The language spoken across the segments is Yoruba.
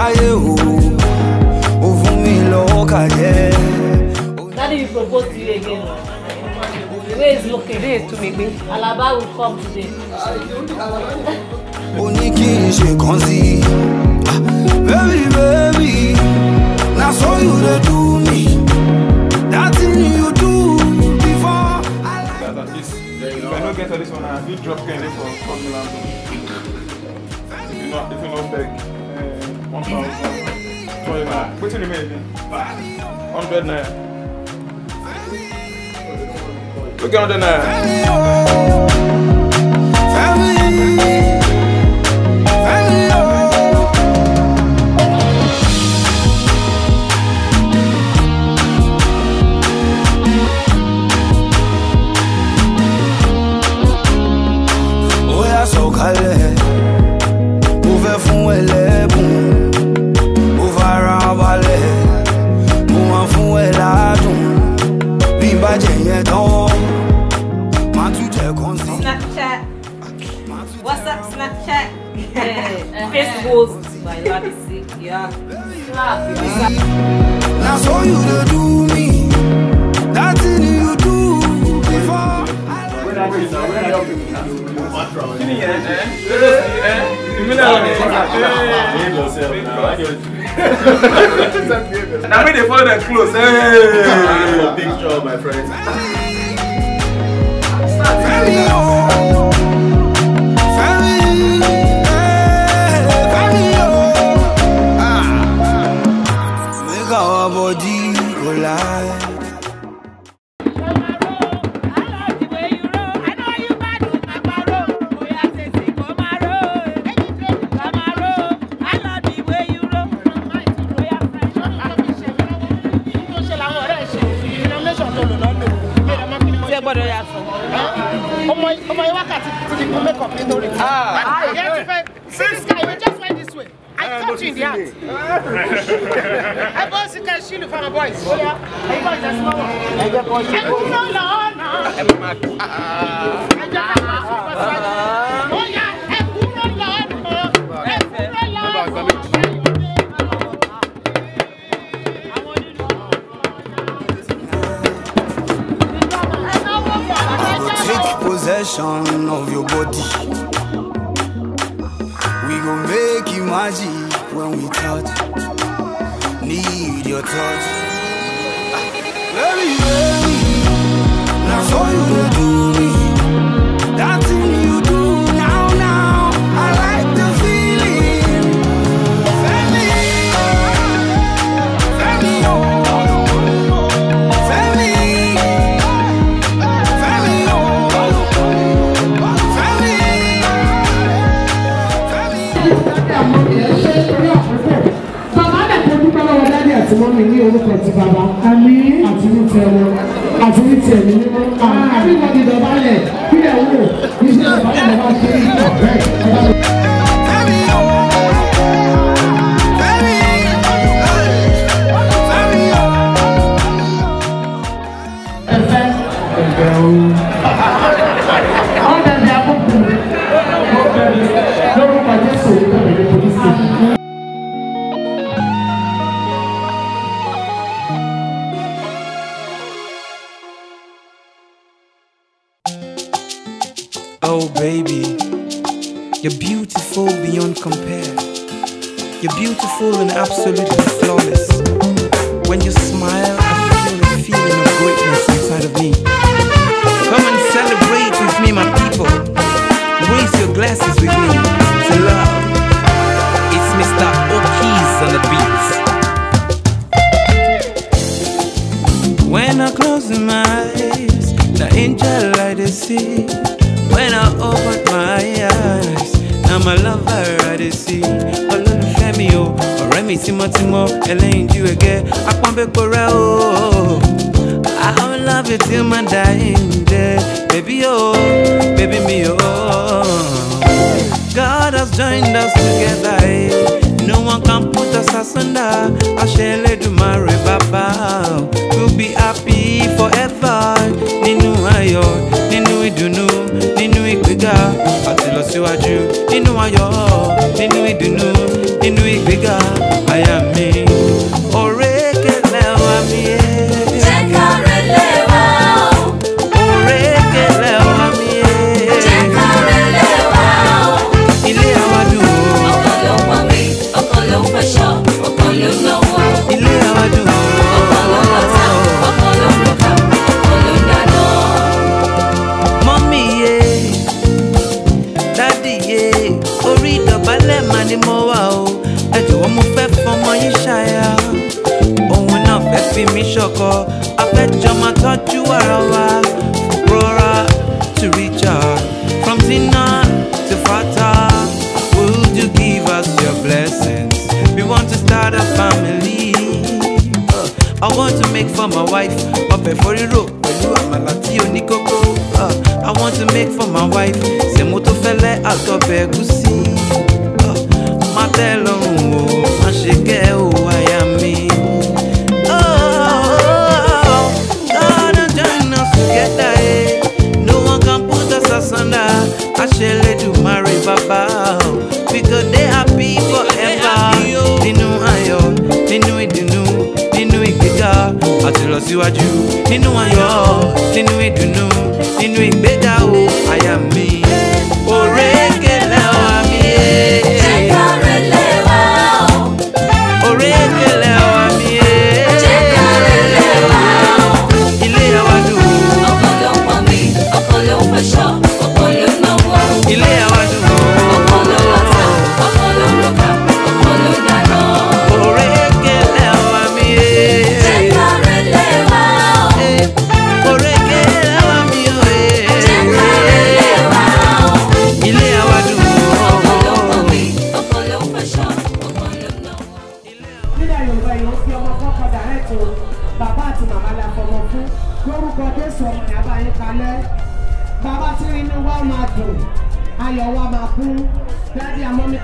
táyé o ò fún mi lọ́wọ́ kàjẹ́. Daddy, you propose to you again. Where is Loke? To is Tumigbe? Alaba will come today. Oni ní kí n ṣe kàn sí i. Ah, wait 20 minutes then. On the bed now. Look on the now. Snapchat. What's up, Snapchat? Face walls by Labisi. Yeah. Slap. Now so you do me. That's it you do before. Give me your hand. Give me your hand. Give me your Now when they follow them close, hey! Big job, my friend. Ah, yeah. Since guy, we just went this way. I caught you in the act. Ẹ bọ́ sí ká ṣílù fún àwọn boys. Ó yá, ẹ̀yin boys ẹ̀ súnmọ́ wọn. Ẹ jẹ́ Take possession of your body. gon' make you magic when we touch. Need your touch. Ah, baby, baby, now so you do me. orúkọ ti bàbá àmín àti ní ti àti ní ti ẹ̀mí mímọ́ àmì àbíkọ́ni dọ̀bálẹ̀ kí ẹ̀ wò iṣẹ́ ìbálẹ̀ bá ṣe é ọ̀bẹ́. Thank you. Oh, baby, you're beautiful beyond compare. You're beautiful and absolutely flawless. When you smile, I feel a feeling of greatness inside of me. tímọ́tímọ́ ẹlẹ́yinjú ẹ̀gẹ́ apọ́nbẹ́pọ̀ rẹ o. I love you till my dying day, baby oh, baby me oh. God has joined us together, eh. no one can put us asunder. Àṣẹlẹ́dùmarè bàbá, we'll be happy forever. Nínú ayọ̀, nínú ìdùnnú, nínú ìgbéga, àti lọ síwájú. Nínú ayọ̀, nínú ìdùnnú, nínú ìgbéga. I bet máa tọ́jú ara wa from Rora to reach out from Zina to Fata. will you give us your blessings we want to start a family uh, I want to make for my wife ọbẹ̀ foríró pẹ̀lú àmàlà tí oníkókó uh, I want to make for my wife sẹ̀mú tó fẹ́lẹ́ àtọbẹ̀ ẹ̀gúsí uh, má tẹ́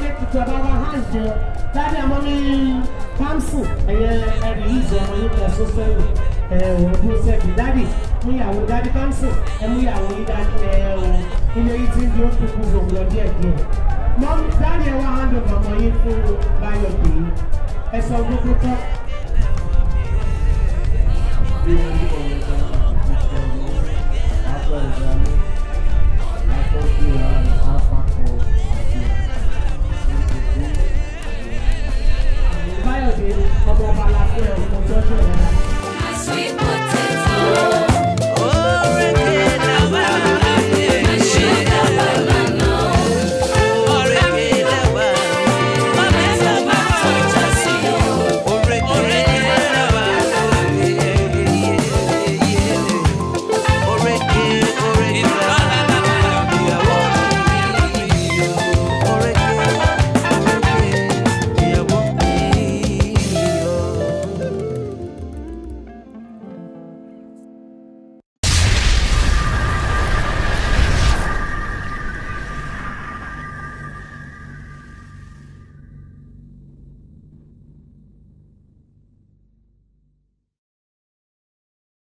pé tuntun ọba wa hàn jẹ dábì àmọ́ mi kamsu ẹ̀yẹ ẹ̀rì yìí jẹ ọmọ yìí kẹ̀ sọ́sọ́ ẹ̀rọ ẹ̀ òun dúró sẹ́ẹ̀kì dábì mú ìyàwó dábì kamsu ẹ̀ mú ìyàwó yìí dábì ẹ̀ òun ilé yìí ti ń di ó kúkú fòun lọ Thank you.